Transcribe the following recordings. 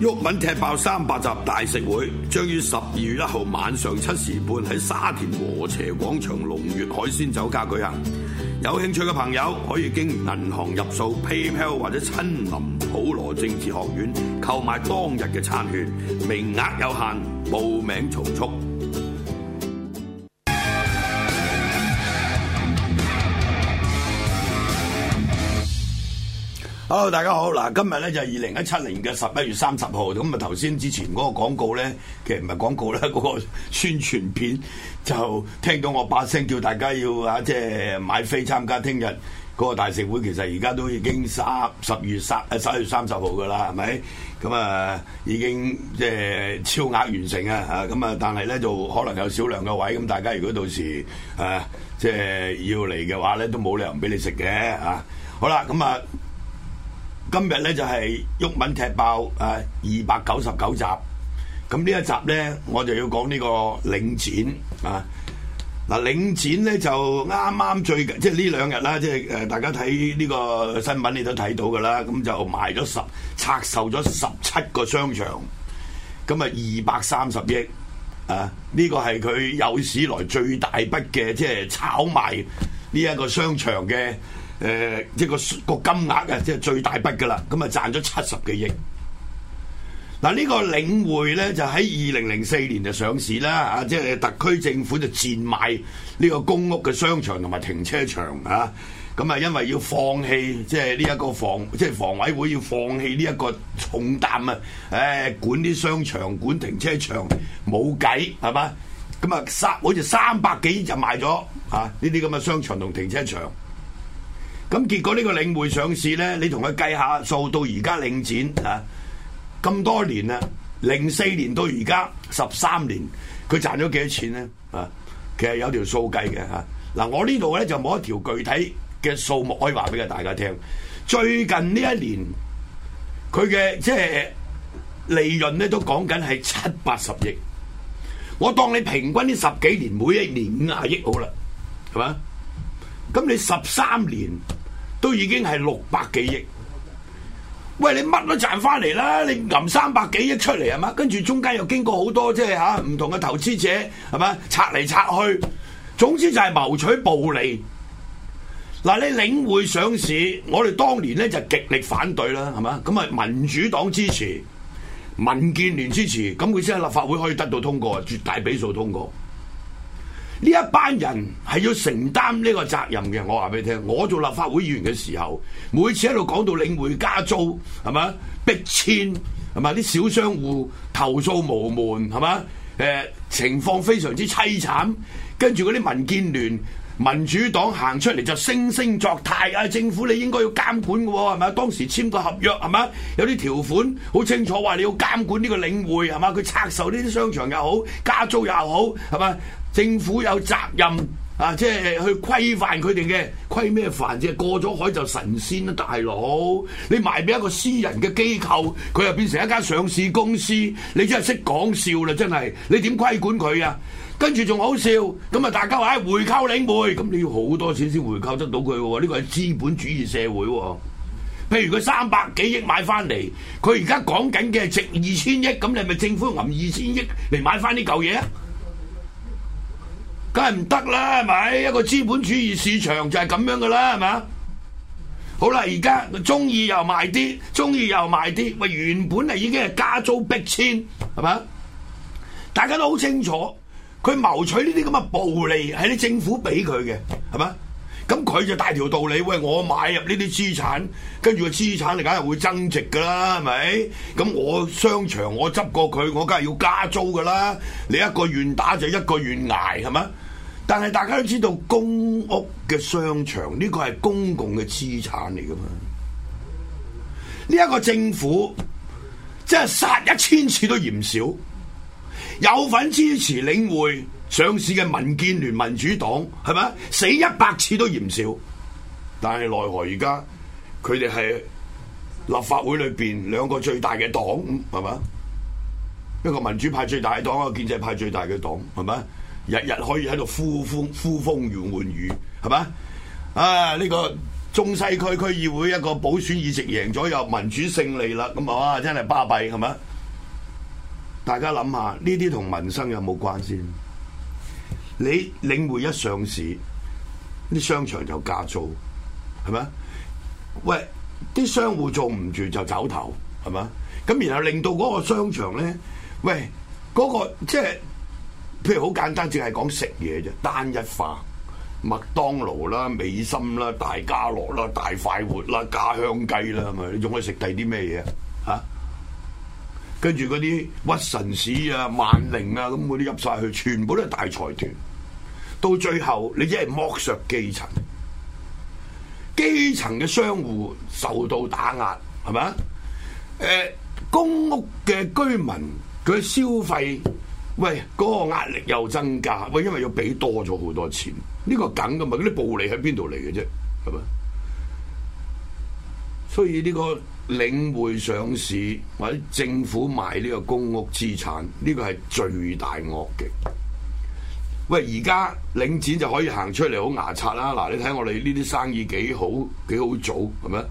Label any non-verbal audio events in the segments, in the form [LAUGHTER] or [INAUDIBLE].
毓民踢爆三百集大食會，將於十二月一號晚上七時半喺沙田禾輋廣場龍悅海鮮酒家舉行。有興趣嘅朋友可以經銀行入數 PayPal 或者親臨普羅政治學院購買當日嘅餐券，名額有限，報名從速。Hello 大家好嗱，今日咧就係二零一七年嘅十一月三十號，咁啊頭先之前嗰個廣告咧，其實唔係廣告啦。嗰 [LAUGHS] 個宣傳片就聽到我把聲叫大家要啊，即係買飛參加聽日嗰個大食會。其實而家都已經十十月十啊，十一月三十號噶啦，係咪？咁啊，已經即係超額完成啊，啊，咁啊，但係咧就可能有少量嘅位，咁大家如果到時啊，即係要嚟嘅話咧，都冇理由唔俾你食嘅啊。好啦，咁啊。今日咧就係毓民踢爆啊二百九十九集，咁呢一集咧我就要講呢個領展啊嗱、啊、領展咧就啱啱最近即係呢兩日啦，即係誒大家睇呢個新聞你都睇到嘅啦，咁就賣咗十拆售咗十七個商場，咁啊二百三十億啊，呢個係佢有史來最大筆嘅即係炒賣呢一個商場嘅。誒、呃，即係個個金額啊，即係最大筆噶啦，咁啊賺咗七十幾億。嗱，呢個領匯咧就喺二零零四年就上市啦，啊，即係特區政府就賤賣呢個公屋嘅商場同埋停車場啊，咁啊因為要放棄即係呢一個房，即、就、係、是、房委會要放棄呢一個重擔啊，誒、哎，管啲商場管停車場冇計係嘛，咁啊三好似三百幾億就賣咗啊呢啲咁嘅商場同停車場。咁結果呢個領匯上市咧，你同佢計下數到而家領展啊，咁多年啦，零四年到而家十三年，佢賺咗幾多錢咧？啊，其實有條數計嘅吓。嗱、啊，我呢度咧就冇一條具體嘅數目可以話俾個大家聽。最近呢一年，佢嘅即係利潤咧都講緊係七八十億。我當你平均呢十幾年每一年五十億好啦，係嘛？咁你十三年，都已經係六百幾億，喂，你乜都賺翻嚟啦，你攞三百幾億出嚟係嘛，跟住中間又經過好多即係吓唔同嘅投資者係嘛，拆嚟拆去，總之就係謀取暴利。嗱，你領滙上市，我哋當年咧就極力反對啦，係嘛，咁啊民主黨支持，民建聯支持，咁佢先喺立法會可以得到通過，絕大比數通過。呢一班人係要承擔呢個責任嘅，我話俾你聽。我做立法會議員嘅時候，每次喺度講到領匯加租，係嘛，逼遷，係嘛，啲小商戶投訴無門係嘛？誒、呃、情況非常之凄慘，跟住嗰啲民建聯、民主黨行出嚟就聲聲作態啊！政府你應該要監管㗎喎，係咪啊？當時簽個合約係咪啊？有啲條款好清楚話你要監管呢個領匯係嘛？佢拆售呢啲商場又好，加租又好，係嘛？政府有責任啊！即係去規範佢哋嘅規咩範啫？過咗海就神仙啦，大佬！你賣俾一個私人嘅機構，佢又變成一間上市公司，你真係識講笑啦！真係，你點規管佢啊？跟住仲好笑，咁啊大家話啊、哎、回購領匯，咁你要好多錢先回購得到佢喎？呢個係資本主義社會喎。譬如佢三百幾億買翻嚟，佢而家講緊嘅值二千億，咁你係咪政府攬二千億嚟買翻呢舊嘢啊？梗係唔得啦，係咪？一個資本主義市場就係咁樣噶啦，係咪啊？好啦，而家中意又賣啲，中意又賣啲，喂，原本係已經係加租逼遷，係咪啊？大家都好清楚，佢謀取呢啲咁嘅暴利係啲政府俾佢嘅，係咪啊？咁佢就大條道理，喂，我買入呢啲資產，跟住個資產你梗係會增值噶啦，係咪？咁我商場我執過佢，我梗係要加租噶啦。你一個願打就一個願挨，係咪？但係大家都知道公屋嘅商場呢個係公共嘅資產嚟噶嘛？呢一個政府即係殺一千次都嫌少，有份支持領會。上市嘅民建聯、民主黨，係咪？死一百次都嫌少。但係奈何而家佢哋係立法會裏邊兩個最大嘅黨，係咪？一個民主派最大嘅黨，一個建制派最大嘅黨，係咪？日日可以喺度呼風呼風喚雨，係咪啊？呢個中西區區議會一個補選議席贏咗又民主勝利啦，咁啊哇，真係巴閉，係咪？大家諗下呢啲同民生有冇關先？你領匯一上市，啲商場就加租，係咪？喂，啲商戶做唔住就走投，係咪？咁然後令到嗰個商場咧，喂，嗰、個即係、就是、譬如好簡單，淨係講食嘢啫，單一化麥當勞啦、美心啦、大家樂啦、大快活啦、家鄉雞啦，係咪？你仲可以食第啲咩嘢啊？跟住嗰啲屈臣氏啊、萬寧啊，咁嗰啲入晒去，全部都係大財團。到最後，你只係剝削基層，基層嘅商戶受到打壓，係咪啊？誒、呃，公屋嘅居民佢消費，喂，嗰、嗰個壓力又增加，喂，因為要俾多咗好多錢，呢個、呢個梗㗎嘛？嗰啲暴利喺邊度嚟嘅啫？係咪？所以呢個領匯上市或者政府賣呢個公屋資產，呢個係最大惡極。喂，而家領展就可以行出嚟好牙刷啦！嗱，你睇我哋呢啲生意幾好，幾好做係咪？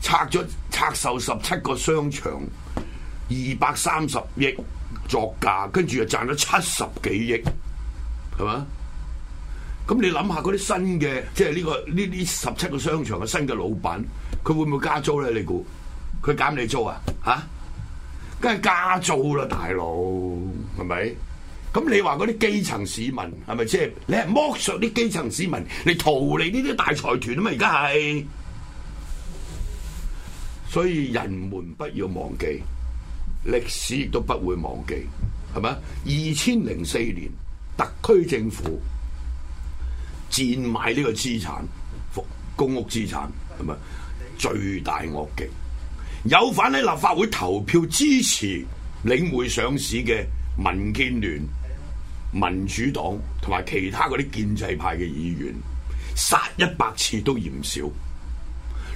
拆咗拆售十七個商場，二百三十億作價，跟住就賺咗七十幾億，係嘛？咁你諗下嗰啲新嘅，即係呢個呢啲十七個商場嘅新嘅老闆。佢會唔會加租咧？你估佢減你租啊？吓、啊，梗係加租啦，大佬，係咪？咁你話嗰啲基層市民係咪？即係、就是、你係剝削啲基層市民你逃離呢啲大財團啊嘛？而家係，所以人們不要忘記，歷史亦都不會忘記，係咪？二千零四年特區政府賤賣呢個資產，公屋資產，係咪？最大惡極，有反喺立法會投票支持領滙上市嘅民建聯、民主黨同埋其他嗰啲建制派嘅議員，殺一百次都嫌少。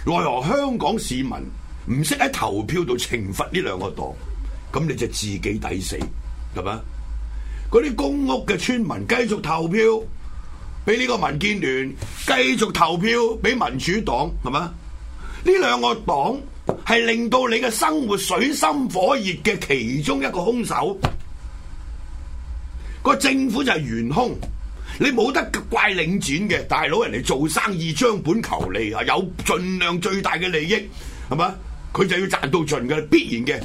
奈何香港市民唔識喺投票度懲罰呢兩個黨，咁你就自己抵死，係咪啊？嗰啲公屋嘅村民繼續投票，俾呢個民建聯，繼續投票俾民主黨，係咪啊？呢兩個黨係令到你嘅生活水深火熱嘅其中一個兇手，個政府就係元兇。你冇得怪領展嘅大佬，人哋做生意將本求利啊，有盡量最大嘅利益係嘛？佢就要賺到盡嘅必然嘅，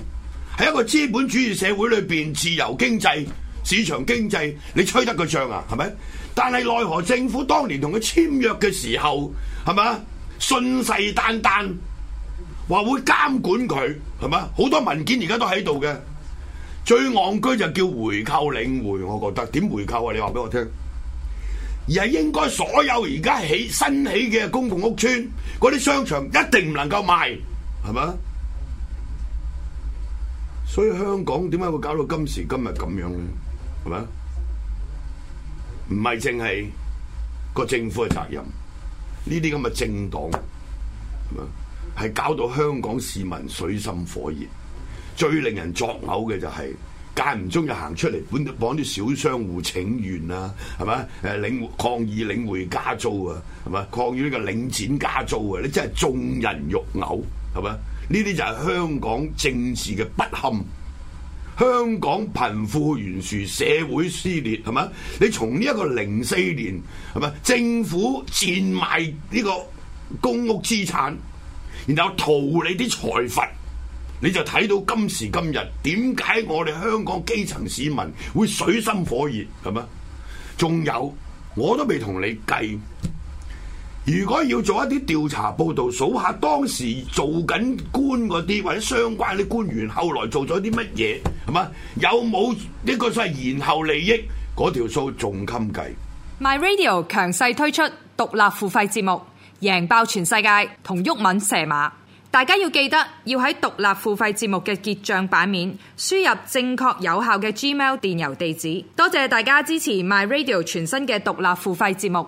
喺一個資本主義社會裏邊，自由經濟、市場經濟，你吹得佢脹啊，係咪？但係奈何政府當年同佢簽約嘅時候，係嘛？信誓旦旦話會監管佢係嘛，好多文件而家都喺度嘅。最戇居就叫回購領滙，我覺得點回購啊？你話俾我聽。而係應該所有而家起新起嘅公共屋邨嗰啲商場一定唔能夠賣，係嘛？所以香港點解會搞到今時今日咁樣咧？係嘛？唔係淨係個政府嘅責任。呢啲咁嘅政黨，係搞到香港市民水深火熱。最令人作嘔嘅就係、是、間唔中就行出嚟，幫啲小商戶請願啊，係嘛？誒領抗議領滙加租啊，係嘛？抗議呢個領展加租啊，你真係眾人欲嘔，係嘛？呢啲就係香港政治嘅不堪。香港貧富懸殊、社會撕裂，係嘛？你從呢一個零四年係嘛？政府賤賣呢個公屋資產，然後屠你啲財富，你就睇到今時今日點解我哋香港基層市民會水深火熱，係嘛？仲有我都未同你計。如果要做一啲調查報導，數下當時做緊官嗰啲或者相關啲官員，後來做咗啲乜嘢係嘛？有冇呢個先係延後利益嗰條數仲襟計？My Radio 強勢推出獨立付費節目，贏爆全世界同毓民射馬，大家要記得要喺獨立付費節目嘅結賬版面輸入正確有效嘅 Gmail 電郵地址。多謝大家支持 My Radio 全新嘅獨立付費節目。